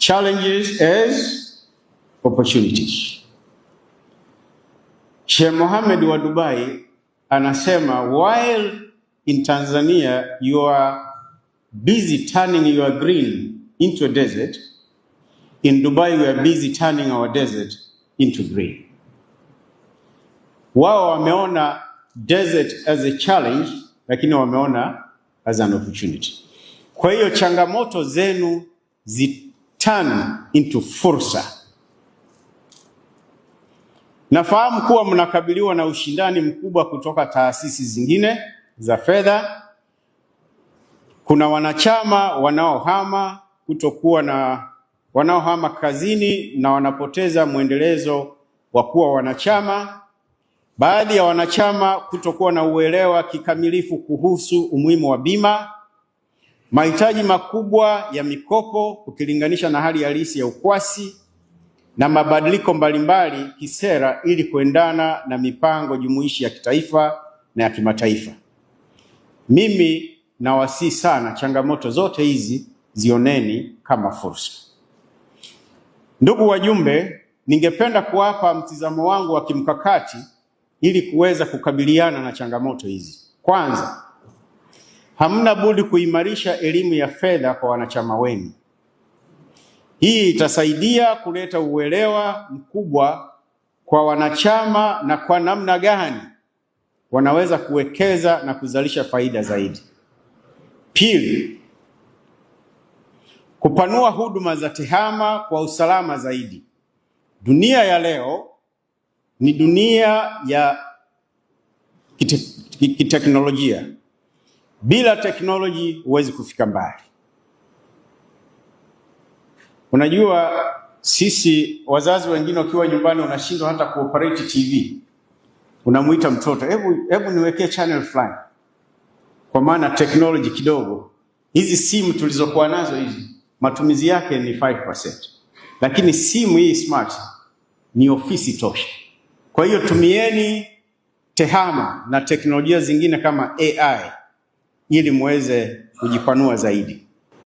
challenges as opportunities. Sheikh Mohamed wa Dubai anasema while in Tanzania you are busy turning your green into a desert, in Dubai we are busy turning our desert into green. Wao wameona desert as a challenge, lakini wameona as an opportunity. Kwa hiyo changamoto zenu turn into fursa. Nafahamu kuwa mnakabiliwa na ushindani mkubwa kutoka taasisi zingine za fedha. Kuna wanachama wanaohama kutokuwa na wanaohama kazini na wanapoteza mwendelezo wa kuwa wanachama. Baadhi ya wanachama kutokuwa na uelewa kikamilifu kuhusu umuhimu wa bima mahitaji makubwa ya mikopo ukilinganisha na hali halisi ya ukwasi na mabadiliko mbalimbali kisera ili kuendana na mipango jumuishi ya kitaifa na ya kimataifa. Mimi nawasihi sana, changamoto zote hizi zioneni kama fursa. Ndugu wajumbe, ningependa kuwapa mtizamo wangu wa kimkakati ili kuweza kukabiliana na changamoto hizi. Kwanza, hamna budi kuimarisha elimu ya fedha kwa wanachama wenu. Hii itasaidia kuleta uelewa mkubwa kwa wanachama na kwa namna gani wanaweza kuwekeza na kuzalisha faida zaidi. Pili, kupanua huduma za tehama kwa usalama zaidi. Dunia ya leo ni dunia ya kiteknolojia kite bila teknoloji huwezi kufika mbali. Unajua, sisi wazazi wengine, ukiwa nyumbani unashindwa hata kuoperate TV, unamwita mtoto, hebu hebu niwekee channel fulani, kwa maana teknoloji kidogo. Hizi simu tulizokuwa nazo hizi, matumizi yake ni 5%, lakini simu hii smart ni ofisi tosha. Kwa hiyo tumieni tehama na teknolojia zingine kama AI ili muweze kujipanua zaidi.